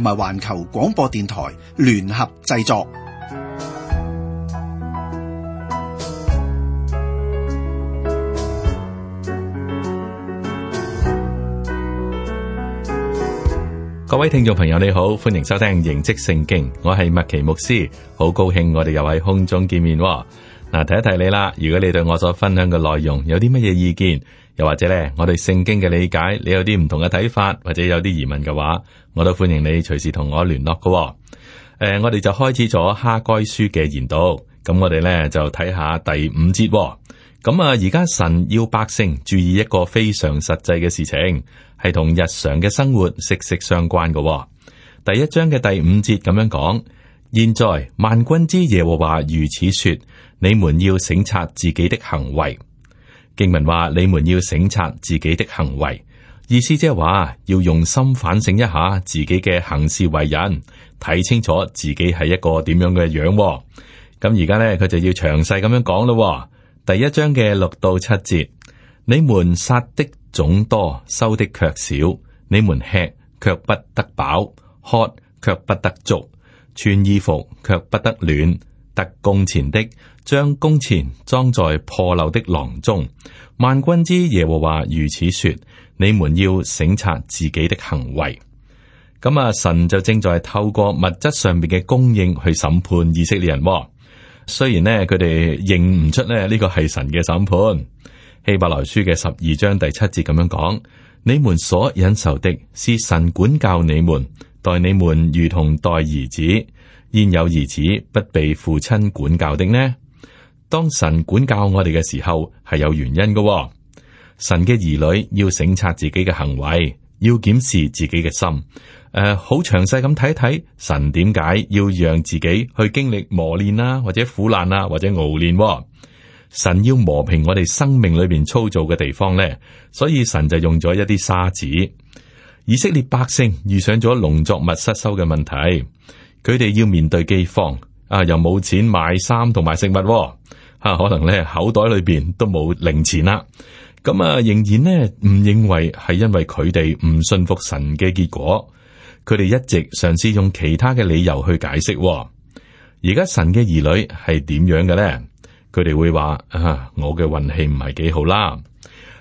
同埋環球廣播電台聯合製作。各位聽眾朋友你好，歡迎收聽《形跡聖經》，我係麥奇牧師，好高興我哋又喺空中見面。嗱，提一提你啦，如果你對我所分享嘅內容有啲乜嘢意見，又或者咧，我哋聖經嘅理解，你有啲唔同嘅睇法，或者有啲疑問嘅話，我都歡迎你隨時同我聯絡嘅、哦。誒、呃，我哋就開始咗哈該書嘅研讀，咁我哋咧就睇下第五節、哦。咁啊，而家神要百姓注意一個非常實際嘅事情，係同日常嘅生活息息相關嘅、哦。第一章嘅第五節咁樣講，現在萬軍之耶和華如此說：你們要省察自己的行為。經文話：你們要省察自己的行為，意思即係話要用心反省一下自己嘅行事為人，睇清楚自己係一個點樣嘅樣。咁而家咧，佢就要詳細咁樣講咯。第一章嘅六到七節，你們撒的種多，收的卻少；你們吃卻不得飽，喝卻不得足，穿衣服卻不得暖，得工錢的。將工錢裝在破漏的囊中。萬軍之耶和華如此說：你們要省察自己的行為。咁啊，神就正在透過物質上面嘅供應去審判以色列人啊。雖然呢，佢哋認唔出呢呢個係神嘅審判。希伯來書嘅十二章第七節咁樣講：你們所忍受的，是神管教你們，待你們如同待兒子。焉有兒子不被父親管教的呢？當神管教我哋嘅時候，係有原因嘅，哦。神嘅兒女要省察自己嘅行為，要檢視自己嘅心。誒、呃，好詳細咁睇一睇神點解要讓自己去經歷磨練啦，啊，或者苦難啊，或者熬練，哦。神要磨平我哋生命裏面粗糙嘅地方呢，所以神就用咗一啲沙子。以色列百姓遇上咗農作物失收嘅問題，佢哋要面對饑荒啊，呃，又冇錢買衫同埋食物，哦。吓，可能咧口袋裏邊都冇零錢啦，咁啊仍然呢，唔認為係因為佢哋唔信服神嘅結果，佢哋一直嘗試用其他嘅理由去解釋。而家神嘅兒女係點樣嘅咧？佢哋會話啊，我嘅運氣唔係幾好啦。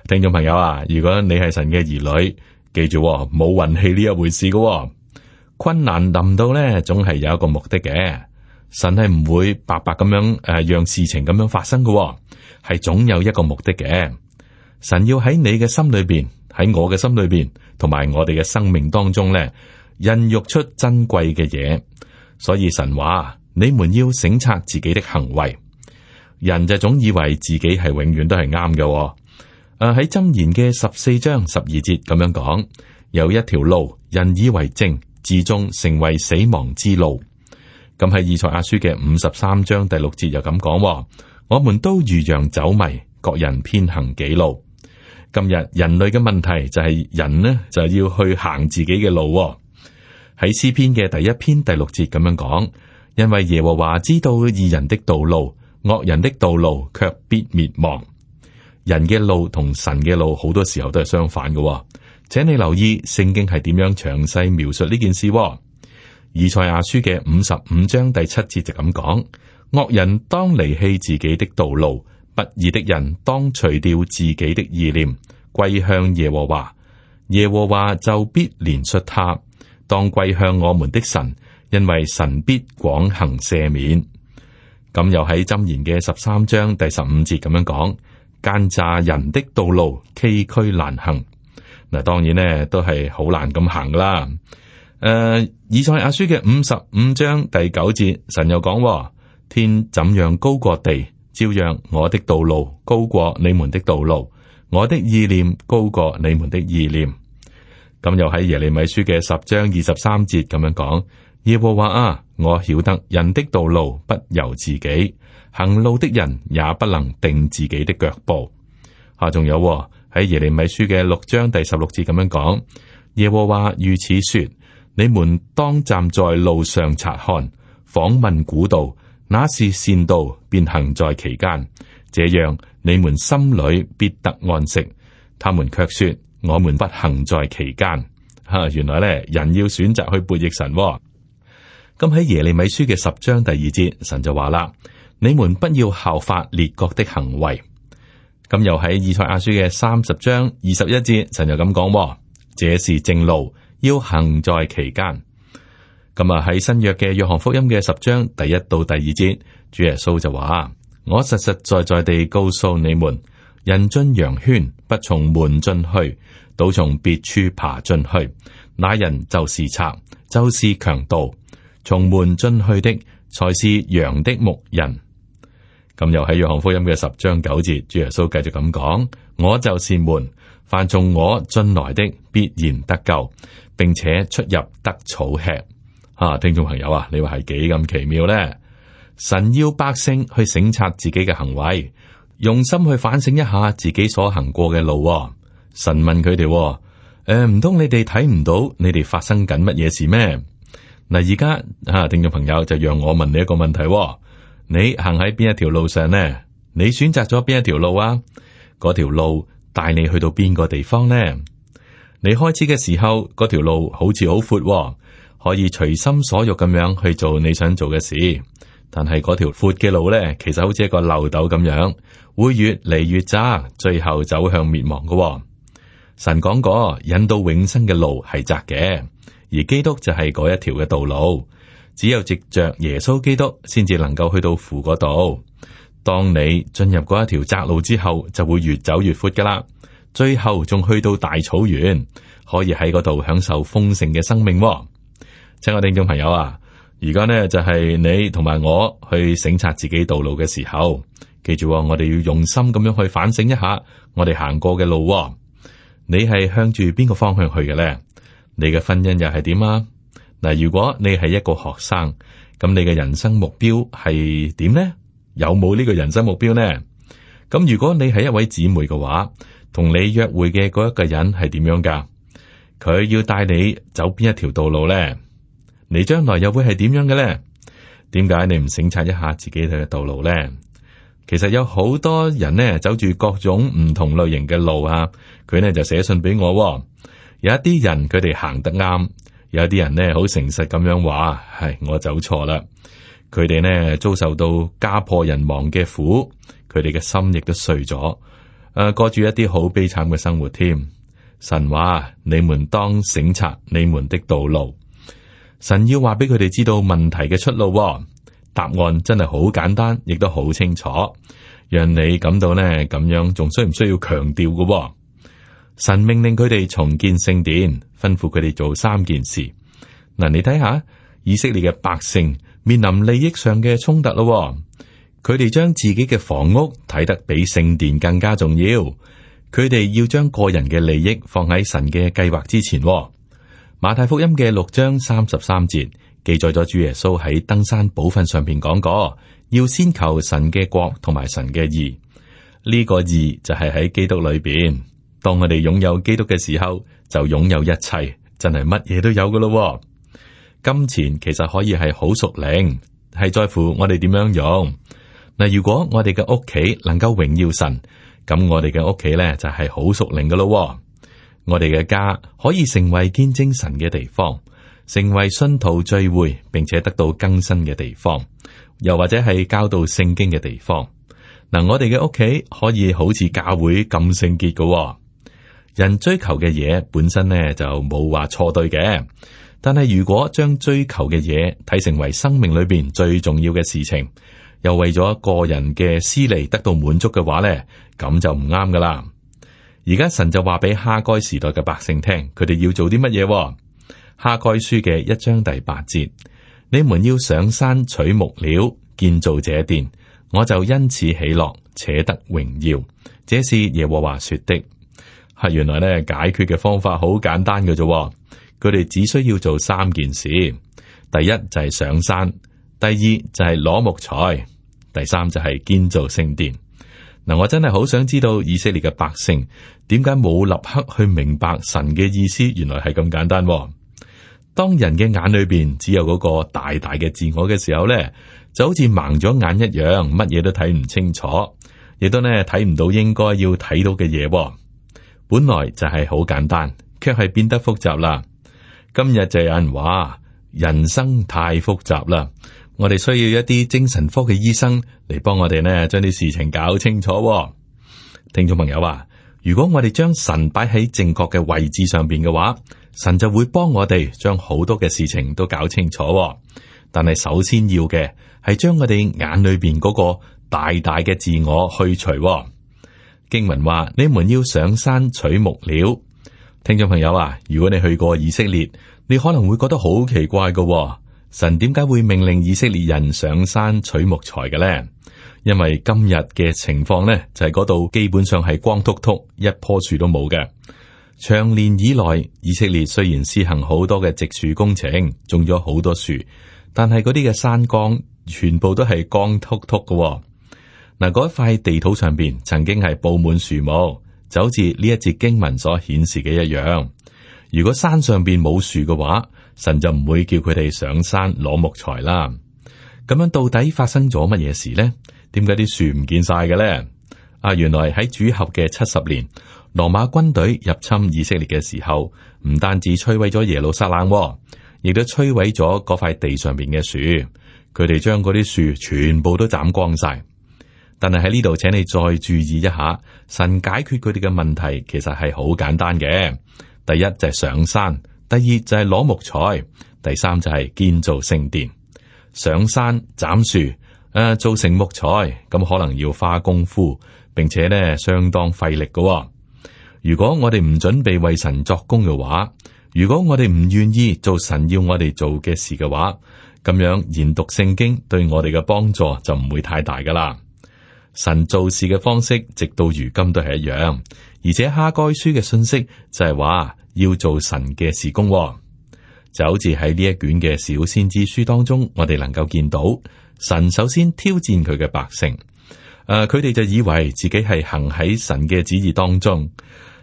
聽眾朋友啊，如果你係神嘅兒女，記住冇運氣呢一回事噶，困難臨到咧，總係有一個目的嘅。神係唔會白白咁樣誒，讓事情咁樣發生嘅，係總有一個目的嘅。神要喺你嘅心裏邊，喺我嘅心裏邊，同埋我哋嘅生命當中咧，孕育出珍貴嘅嘢。所以神話，你們要省察自己的行為。人就總以為自己係永遠都係啱嘅。誒，喺箴言嘅十四章十二節咁樣講，有一條路，人以為正，至終成為死亡之路。咁喺以賽亞書嘅五十三章第六節又咁講，我們都如羊走迷，各人偏行己路。今日人類嘅問題就係人呢，就要去行自己嘅路，哦。喺詩篇嘅第一篇第六節咁樣講，因為耶和華知道義人的道路，惡人的道路卻必滅亡。人嘅路同神嘅路好多時候都係相反嘅，哦。請你留意聖經係點樣詳細描述呢件事，哦。以賽亞書嘅五十五章第七節就咁講：惡人當離棄自己的道路，不義的人當除掉自己的意念，歸向耶和華，耶和華就必憐恤他。當歸向我們的神，因為神必廣行赦免。咁又喺箴言嘅十三章第十五節咁樣講：奸詐人的道路崎嶇難行。嗱，當然呢，都係好難咁行噶啦。誒，uh, 以賽阿書嘅五十五章第九節，神又講：天怎樣高過地，照樣我的道路高過你們的道路，我的意念高過你們的意念。咁又喺耶利米書嘅十章二十三節咁樣講：耶和華啊，我曉得人的道路不由自己，行路的人也不能定自己的腳步。下仲有喺耶利米書嘅六章第十六節咁樣講：耶和華如此說。你們當站在路上察看，訪問古道，那是善道，便行在其間。這樣你們心裏必得安息。他們却說：我們不行在其間。哈、啊，原來咧，人要選擇去背逆神，哦。咁喺耶利米書嘅十章第二節，神就話啦：你們不要效法列國的行為。咁又喺以賽亞書嘅三十章二十一節，神就咁講：這是正路。要行在其間，今日喺新約嘅約翰福音嘅十章第一到第二節，主耶穌就話：我實實在在地告訴你們，人進羊圈，不從門進去，倒從別處爬進去，那人就是賊，就是強盜；從門進去的，才是羊的牧人。咁又喺約翰福音嘅十章九節，主耶穌繼續咁講：我就是門。凡從我進來的必然得救，並且出入得草吃。啊，聽眾朋友啊，你話係幾咁奇妙呢？神要百姓去省察自己嘅行為，用心去反省一下自己所行過嘅路、哦。神問佢哋、哦：誒、啊，唔通你哋睇唔到你哋發生緊乜嘢事咩？嗱、啊，而家啊，聽眾朋友就讓我問你一個問題、哦：你行喺邊一條路上呢？你選擇咗邊一條路啊？嗰條路，帶你去到邊個地方呢？你開始嘅時候，嗰條路好似好闊喎，可以隨心所欲咁樣去做你想做嘅事。但係嗰條闊嘅路咧，其實好似一個漏斗咁樣，會越嚟越窄，最後走向滅亡嘅喎。神講過，引到永生嘅路係窄嘅，而基督就係嗰一條嘅道路。只有藉着耶穌基督，先至能夠去到父嗰度。當你進入嗰一條窄路之後，就會越走越闊噶啦。最後仲去到大草原，可以喺嗰度享受豐盛嘅生命、哦。親愛嘅聽眾朋友啊，而家呢就係、是、你同埋我去省察自己道路嘅時候，記住、哦、我哋要用心咁樣去反省一下我哋行過嘅路、哦。你係向住邊個方向去嘅呢？你嘅婚姻又係點啊？嗱，如果你係一個學生，咁你嘅人生目標係點呢？有冇呢個人生目標呢？咁如果你係一位姊妹嘅話，同你約會嘅嗰一個人係點樣噶？佢要帶你走邊一條道路呢？你將來又會係點樣嘅呢？點解你唔省察一下自己嘅道路呢？其實有好多人呢，走住各種唔同類型嘅路啊，佢呢就寫信俾我。有一啲人佢哋行得啱，有啲人呢好誠實咁樣話，係我走錯啦。佢哋呢，遭受到家破人亡嘅苦，佢哋嘅心亦都碎咗。誒，過住一啲好悲慘嘅生活添。神話，你們當省察你們的道路。神要話俾佢哋知道問題嘅出路，答案真係好簡單，亦都好清楚，讓你感到呢咁樣，仲需唔需要強調嘅，神命令佢哋重建聖殿，吩咐佢哋做三件事。嗱，你睇下以色列嘅百姓。面臨利益上嘅衝突咯、哦，佢哋將自己嘅房屋睇得比聖殿更加重要，佢哋要將個人嘅利益放喺神嘅計劃之前、哦。馬太福音嘅六章三十三節記載咗主耶穌喺登山寶訓上邊講過，要先求神嘅國同埋神嘅義，呢、這個義就係喺基督裏邊。當我哋擁有基督嘅時候，就擁有一切，真係乜嘢都有噶咯、哦。金錢其實可以係好屬靈，係在乎我哋點樣用。嗱，如果我哋嘅屋企能夠榮耀神，咁我哋嘅屋企咧就係好屬靈噶咯。我哋嘅家可以成為見證神嘅地方，成為信徒聚會並且得到更新嘅地方，又或者係教導聖經嘅地方。嗱，我哋嘅屋企可以好似教會咁聖潔噶。人追求嘅嘢本身咧就冇話錯對嘅。但係如果將追求嘅嘢睇成為生命裏邊最重要嘅事情，又為咗個人嘅私利得到滿足嘅話咧，咁就唔啱噶啦。而家神就話俾哈該時代嘅百姓聽，佢哋要做啲乜嘢？哈該書嘅一章第八節，你們要上山取木料建造這殿，我就因此喜樂，且得榮耀。這是耶和華說的。係原來咧解決嘅方法好簡單噶啫。佢哋只需要做三件事：第一就係上山，第二就係攞木材，第三就係建造聖殿。嗱，啊，我真係好想知道以色列嘅百姓點解冇立刻去明白神嘅意思？原來係咁簡單，啊。當人嘅眼裏邊只有嗰個大大嘅自我嘅時候咧，就好似盲咗眼一樣，乜嘢都睇唔清楚，亦都咧睇唔到應該要睇到嘅嘢，啊。本來就係好簡單，卻係變得複雜啦。今日就有人話：人生太複雜啦，我哋需要一啲精神科嘅醫生嚟幫我哋呢，將啲事情搞清楚喎。聽眾朋友話，如果我哋將神擺喺正確嘅位置上邊嘅話，神就會幫我哋將好多嘅事情都搞清楚喎。但係首先要嘅係將我哋眼裏邊嗰個大大嘅自我去除喎。經文話：你們要上山取木料。聽眾朋友啊，如果你去過以色列，你可能會覺得好奇怪嘅喎。神點解會命令以色列人上山取木材嘅咧？因為今日嘅情況咧就係嗰度基本上係光禿禿，一棵樹都冇嘅。長年以來以色列雖然施行好多嘅植樹工程，種咗好多樹，但係嗰啲嘅山崗全部都係光禿禿嘅喎。嗱，嗰一塊地土上邊曾經係布滿樹木。就好似呢一節經文所顯示嘅一樣，如果山上邊冇樹嘅話，神就唔會叫佢哋上山攞木材啦。咁樣到底發生咗乜嘢事呢？點解啲樹唔見晒嘅呢？啊，原來喺主後嘅七十年，羅馬軍隊入侵以色列嘅時候，唔單止摧毀咗耶路撒冷，啊，亦都摧毀咗嗰塊地上邊嘅樹。佢哋將嗰啲樹全部都斬光晒。但係喺呢度，請你再注意一下。神解決佢哋嘅問題，其實係好簡單嘅。第一就係上山，第二就係攞木材，第三就係建造聖殿。上山斬樹，誒，做、呃、成木材，咁可能要花功夫，並且呢相當費力嘅、哦。如果我哋唔準備為神作工嘅話，如果我哋唔願意做神要我哋做嘅事嘅話，咁樣研讀聖經對我哋嘅幫助就唔會太大噶啦。神做事嘅方式，直到如今都係一樣。而且哈該書嘅信息就係話，要做神嘅事工、哦，就好似喺呢一卷嘅小先知書當中，我哋能夠見到神首先挑戰佢嘅百姓。誒、呃，佢哋就以為自己係行喺神嘅旨意當中，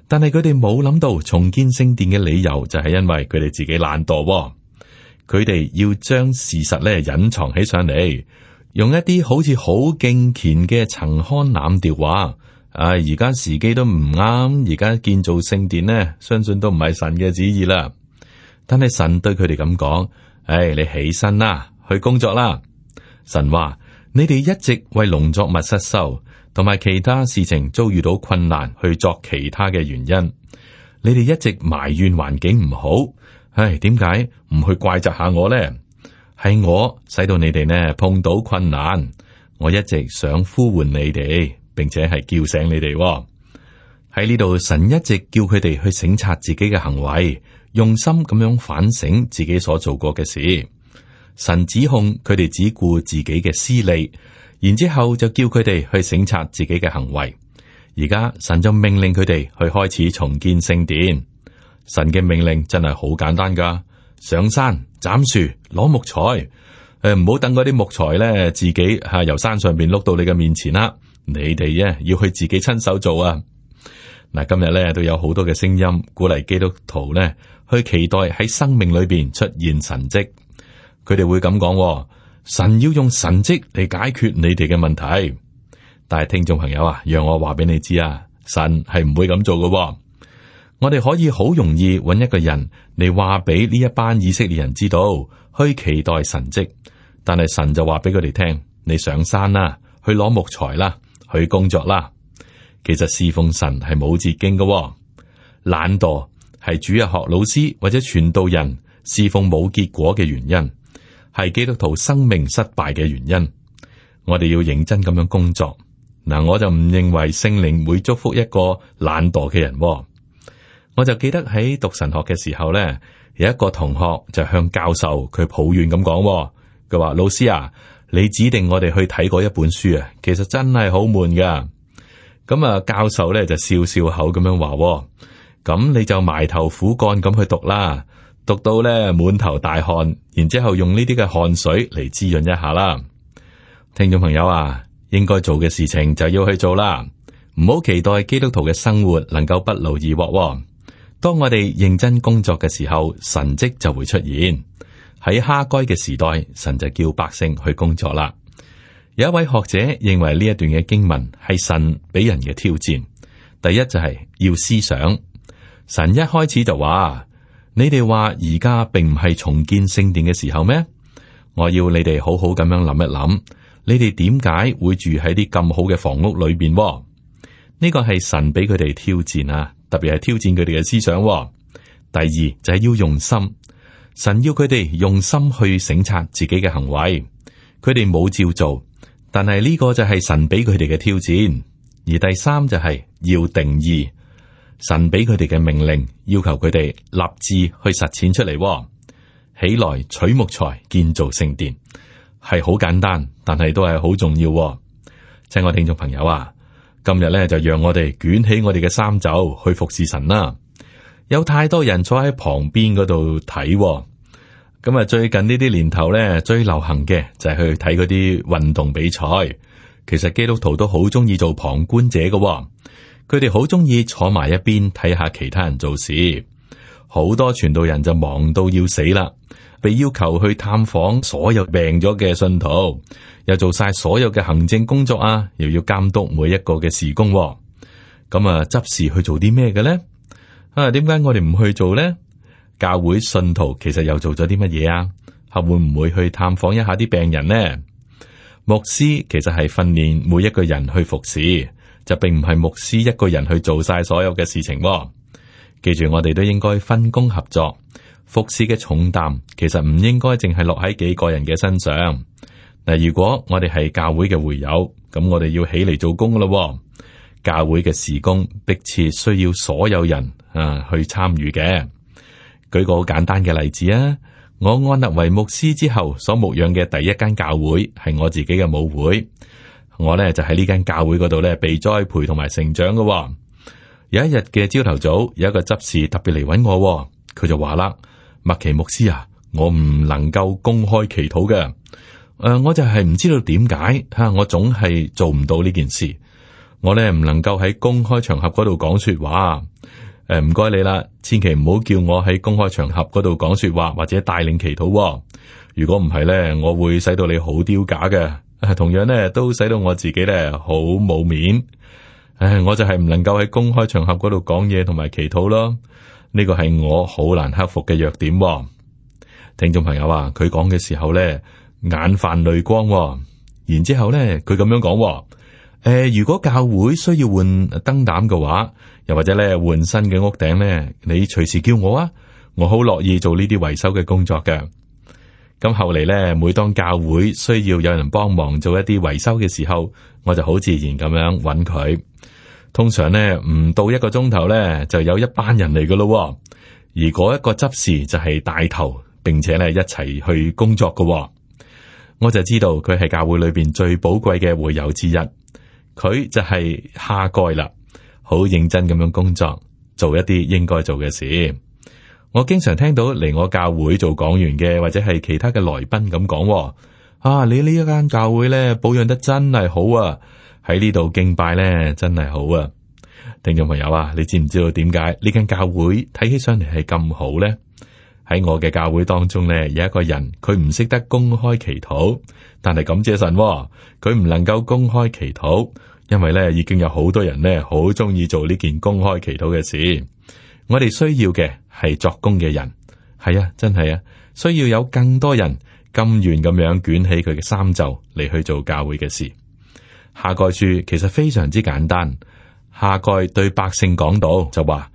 但係佢哋冇諗到重建聖殿嘅理由就係因為佢哋自己懶惰、哦。佢哋要將事實咧隱藏起上嚟。用一啲好似好敬虔嘅陳腔濫調話，啊、哎！而家時機都唔啱，而家建造聖殿呢，相信都唔係神嘅旨意啦。但係神對佢哋咁講：，唉、哎，你起身啦，去工作啦。神話你哋一直為農作物失收同埋其他事情遭遇到困難去作其他嘅原因，你哋一直埋怨環境唔好，唉、哎，點解唔去怪責下我咧？係我使到你哋呢碰到困難，我一直想呼喚你哋，並且係叫醒你哋。喺呢度，神一直叫佢哋去省察自己嘅行為，用心咁樣反省自己所做過嘅事。神指控佢哋只顧自己嘅私利，然之後就叫佢哋去省察自己嘅行為。而家神就命令佢哋去開始重建聖殿。神嘅命令真係好簡單噶。上山斬樹攞木材。誒，唔好等嗰啲木材咧，自己吓由山上邊碌到你嘅面前啦。你哋啊，要去自己親手做啊。嗱，今日咧，都有好多嘅聲音鼓勵基督徒咧去期待喺生命裏邊出現神蹟，佢哋會咁講，神要用神蹟嚟解決你哋嘅問題。但係聽眾朋友啊，讓我話俾你知啊，神係唔會咁做嘅。 我哋可以好容易揾一個人嚟話俾呢一班以色列人知道，去期待神蹟，但係神就話俾佢哋聽，你上山啦，去攞木材啦，去工作啦。其實侍奉神係冇捷徑嘅，懶惰係主日學老師或者傳道人侍奉冇結果嘅原因，係基督徒生命失敗嘅原因。我哋要認真咁樣工作嗱，我就唔認為聖靈會祝福一個懶惰嘅人。我就記得喺讀神學嘅時候呢，有一個同學就向教授佢抱怨咁講，佢話老師啊，你指定我哋去睇嗰一本書啊，其實真係好悶噶。咁、嗯、啊，教授呢就笑笑口咁樣話，咁、嗯、你就埋頭苦幹咁去讀啦，讀到呢滿頭大汗，然之後用呢啲嘅汗水嚟滋潤一下啦。聽眾朋友啊，應該做嘅事情就要去做啦，唔好期待基督徒嘅生活能夠不勞而獲。當我哋認真工作嘅時候，神蹟就會出現。喺哈該嘅時代，神就叫百姓去工作啦。有一位學者認為呢一段嘅經文係神俾人嘅挑戰。第一就係要思想。神一開始就話：你哋話而家並唔係重建聖殿嘅時候咩？我要你哋好好咁樣諗一諗，你哋點解會住喺啲咁好嘅房屋裏邊？呢個係神俾佢哋挑戰啊！特別係挑戰佢哋嘅思想，、哦。第二就係要用心，神要佢哋用心去省察自己嘅行為。佢哋冇照做，但係呢個就係神俾佢哋嘅挑戰。而第三就係要定義，神俾佢哋嘅命令，要求佢哋立志去實踐出嚟、哦，起來取木材建造聖殿，係好簡單，但係都係好重要、哦。親愛聽眾朋友啊！今日咧就讓我哋捲起我哋嘅衫袖去服侍神啦！有太多人坐喺旁邊嗰度睇，咁啊最近呢啲年頭咧最流行嘅就係去睇嗰啲運動比賽。其實基督徒都好中意做旁觀者嘅，哦，佢哋好中意坐埋一邊睇下其他人做事。好多傳道人就忙到要死啦。被要求去探訪所有病咗嘅信徒，又做晒所有嘅行政工作啊，又要監督每一個嘅事工。咁啊，執、啊、時去做啲咩嘅咧？啊，點解我哋唔去做咧？教會信徒其實又做咗啲乜嘢啊？會唔會去探訪一下啲病人咧？牧師其實係訓練每一個人去服侍，就並唔係牧師一個人去做晒所有嘅事情、啊。記住，我哋都應該分工合作。服侍嘅重擔其實唔應該淨係落喺幾個人嘅身上。嗱，如果我哋係教會嘅會友，咁我哋要起嚟做工噶咯、哦。教會嘅事工迫切需要所有人啊去參與嘅。舉個好簡單嘅例子啊，我按立為牧師之後所牧養嘅第一間教會係我自己嘅母會，我咧就喺呢間教會嗰度咧被栽培同埋成長噶、哦。有一日嘅朝頭早，有一個執事特別嚟揾我、哦，佢就話啦。麥奇牧師啊，我唔能夠公開祈禱嘅，誒、呃，我就係唔知道點解吓，我總係做唔到呢件事，我咧唔能夠喺公開場合嗰度講說話誒，啊，唔該你啦，千祈唔好叫我喺公開場合嗰度講說話或者帶領祈禱、喎，如果唔係咧，我會使到你好丟假嘅，同樣咧都使到我自己咧好冇面，唉、啊，我就係唔能夠喺公開場合嗰度講嘢同埋祈禱咯。呢個係我好難克服嘅弱點，哦，聽眾朋友話，佢講嘅時候咧眼泛淚光，哦，然之後咧佢咁樣講，哦，誒、呃，如果教會需要換燈膽嘅話，又或者咧換新嘅屋頂咧，你隨時叫我啊，我好樂意做呢啲維修嘅工作嘅。咁、嗯、後嚟咧，每當教會需要有人幫忙做一啲維修嘅時候，我就好自然咁樣揾佢。通常咧唔到一個鐘頭咧就有一班人嚟噶咯，而嗰一個執事就係帶頭，並且咧一齊去工作噶。我就知道佢係教會裏邊最寶貴嘅會友之一，佢就係下蓋啦，好認真咁樣工作，做一啲應該做嘅事。我經常聽到嚟我教會做講員嘅或者係其他嘅來賓咁講，啊，你呢一間教會咧保養得真係好啊！喺呢度敬拜咧，真係好啊！聽眾朋友啊，你知唔知道點解呢間教會睇起上嚟係咁好咧？喺我嘅教會當中咧，有一個人，佢唔識得公開祈禱，但係感謝神，啊，佢唔能夠公開祈禱，因為咧已經有好多人咧好中意做呢件公開祈禱嘅事。我哋需要嘅係作工嘅人，係啊，真係啊，需要有更多人甘願咁樣捲起佢嘅衫袖嚟去做教會嘅事。哈該書其實非常之簡單，哈該對百姓講到就話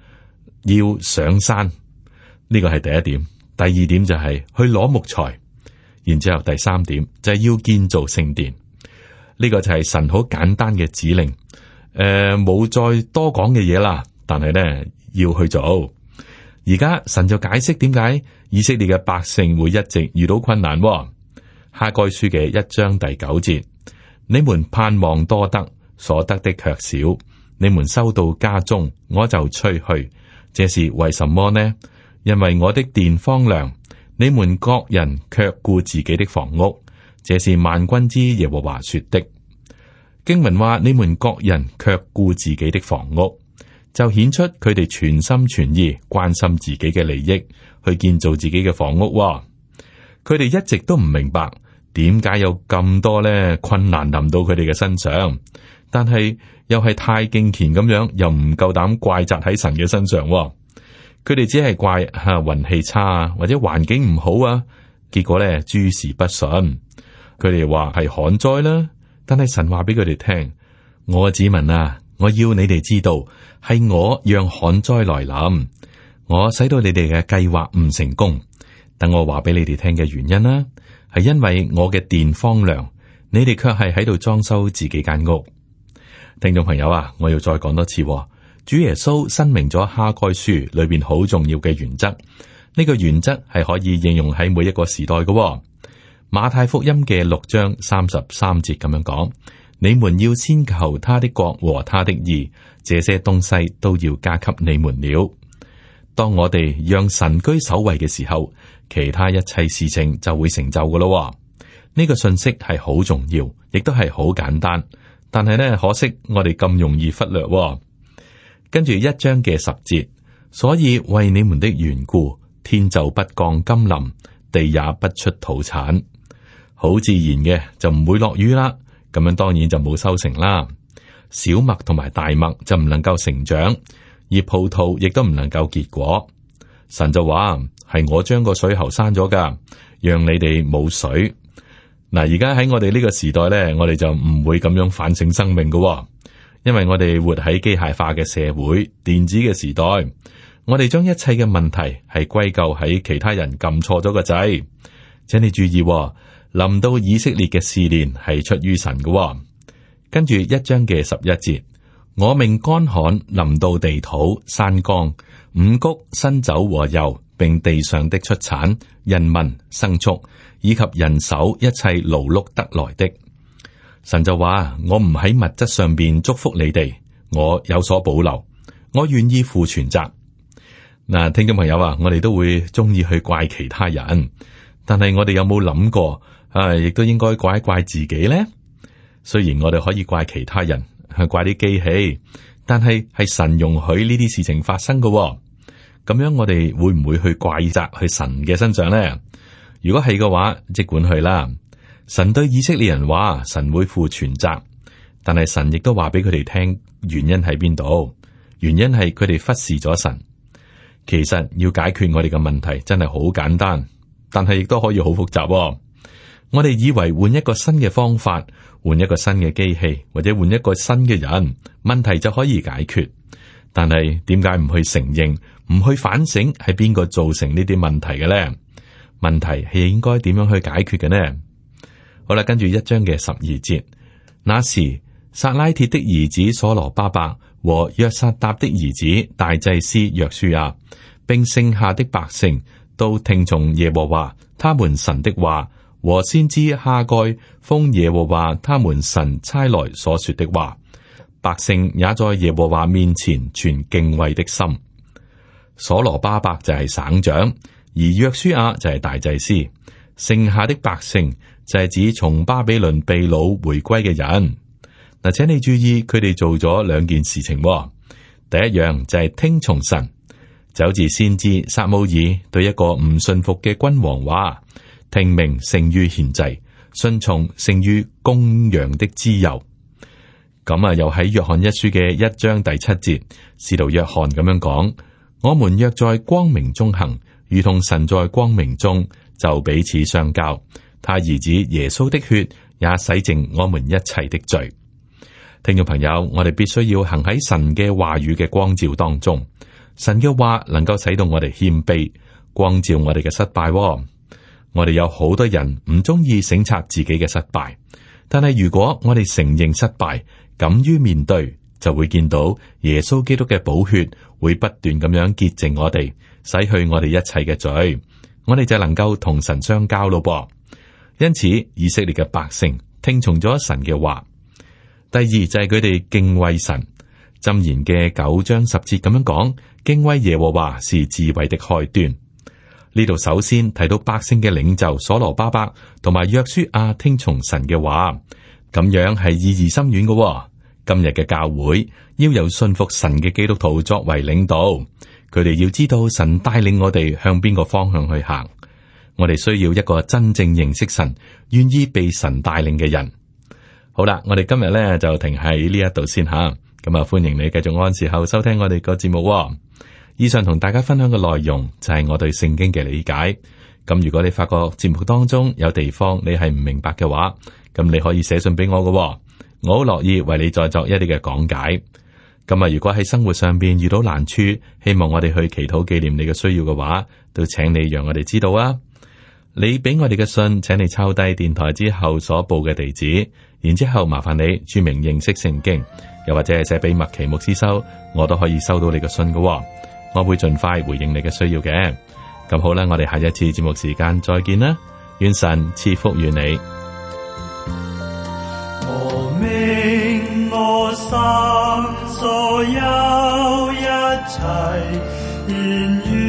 要上山，呢個係第一點。第二點就係去攞木材，然之後第三點就係要建造聖殿。呢、這個就係神好簡單嘅指令，誒、呃、冇再多講嘅嘢啦。但係咧要去做。而家神就解釋點解以色列嘅百姓會一直遇到困難、啊。哈該書嘅一章第九節。你們盼望多得，所得的卻少；你們收到家中，我就吹去。這是為什麼呢？因為我的殿荒涼，你們各人卻顧自己的房屋。這是萬軍之耶和華說的。經文話：你們各人卻顧自己的房屋，就顯出佢哋全心全意關心自己嘅利益，去建造自己嘅房屋。佢哋一直都唔明白。點解有咁多咧，困難臨到佢哋嘅身上？但係又係太敬虔咁樣，又唔夠膽怪責喺神嘅身上。佢哋只係怪吓運氣差或者環境唔好啊。結果咧，諸事不順，佢哋話係旱災啦。但係神話俾佢哋聽，我子民啊，我要你哋知道係我讓旱災來臨，我使到你哋嘅計劃唔成功。等我話俾你哋聽嘅原因啦。係因為我嘅殿荒涼，你哋卻係喺度裝修自己間屋。聽眾朋友啊，我要再講多次，哦，主耶穌申明咗哈該書裏邊好重要嘅原則，呢、這個原則係可以應用喺每一個時代嘅，哦。馬太福音嘅六章三十三節咁樣講：你們要先求他的國和他的義，這些東西都要加給你們了。當我哋讓神居首位嘅時候，其他一切事情就會成就噶咯。呢、這個信息係好重要，亦都係好簡單。但係呢，可惜我哋咁容易忽略。跟住一章嘅十節，所以為你們的緣故，天就不降甘霖，地也不出土產。好自然嘅就唔會落雨啦，咁樣當然就冇收成啦。小麥同埋大麥就唔能夠成長。而葡萄亦都唔能夠結果，神就話係我將個水喉閂咗噶，讓你哋冇水。嗱，而家喺我哋呢個時代咧，我哋就唔會咁樣反省生命嘅，哦，因為我哋活喺機械化嘅社會、電子嘅時代，我哋將一切嘅問題係歸咎喺其他人撳錯咗個掣。請你注意，哦，臨到以色列嘅試煉係出於神嘅，哦，跟住一章嘅十一節。我命乾旱，臨到地土、山崗、五穀、新酒和油，並地上的出產、人民、牲畜以及人手一切勞碌得來的。神就話：我唔喺物質上邊祝福你哋，我有所保留，我願意負全責。嗱，聽眾朋友啊，我哋都會中意去怪其他人，但係我哋有冇諗過啊？亦都應該怪一怪自己咧。雖然我哋可以怪其他人。係怪啲機器，但係係神容許呢啲事情發生嘅喎，咁樣我哋會唔會去怪責去神嘅身上咧？如果係嘅話，即管去啦。神對以色列人話，神會負全責，但係神亦都話俾佢哋聽原因喺邊度？原因係佢哋忽視咗神。其實要解決我哋嘅問題，真係好簡單，但係亦都可以好複雜喎。我哋以為換一個新嘅方法，換一個新嘅機器，或者換一個新嘅人，問題就可以解決。但係點解唔去承認，唔去反省，係邊個造成呢啲問題嘅呢？問題係應該點樣去解決嘅呢？好啦，跟住一章嘅十二節，那時撒拉鐵的兒子所羅巴伯和約撒達的兒子大祭司約書亞，並剩下的百姓都聽從耶和華他們神的話。和先知哈蓋、封耶和華他們神差來所說的話，百姓也在耶和華面前存敬畏的心。所羅巴伯就係省長，而約書亞就係大祭司，剩下的百姓就係指從巴比倫被擄回歸嘅人。嗱，請你注意，佢哋做咗兩件事情，哦。第一樣就係聽從神，就好似先知撒母耳對一個唔信服嘅君王話。聽命勝於獻祭，信從勝於公羊的脂油。咁啊，又喺約翰一書嘅一章第七節，使徒約翰咁樣講：我們若在光明中行，如同神在光明中，就彼此相交。他兒子耶穌的血也洗淨我們一切的罪。聽眾朋友，我哋必須要行喺神嘅話語嘅光照當中，神嘅話能夠使到我哋謙卑，光照我哋嘅失敗、哦。我哋有好多人唔中意省察自己嘅失敗，但係如果我哋承認失敗，敢於面對，就會見到耶穌基督嘅寶血會不斷咁樣潔淨我哋，洗去我哋一切嘅罪，我哋就能夠同神相交咯噃，因此以色列嘅百姓聽從咗神嘅話。第二就係佢哋敬畏神。箴言嘅九章十節咁樣講，敬畏耶和華是智慧的開端。呢度首先提到百姓嘅領袖所羅巴伯同埋約書亞聽從神嘅話，咁樣係意義深遠嘅哦。今日嘅教會要由信服神嘅基督徒作為領導，佢哋要知道神帶領我哋向邊個方向去行。我哋需要一個真正認識神、願意被神帶領嘅人。好啦，我哋今日咧就停喺呢一度先吓，咁啊，歡迎你繼續按時候收聽我哋個節目哦。以上同大家分享嘅內容就係我對聖經嘅理解。咁如果你發覺節目當中有地方你係唔明白嘅話，咁你可以寫信俾我㗎喎。我好樂意為你再作一啲嘅講解。咁如果喺生活上邊遇到難處，希望我哋去祈禱紀念你嘅需要嘅話，都請你讓我哋知道啊。你俾我哋嘅信，請你抄低電台之後所報嘅地址，然之後麻煩你注明認識聖經，又或者係寫俾麥奇牧師收，我都可以收到你嘅信㗎喎。我會盡快回應你嘅需要嘅，咁好啦，我哋下一次節目時間再見啦，願神賜福於你。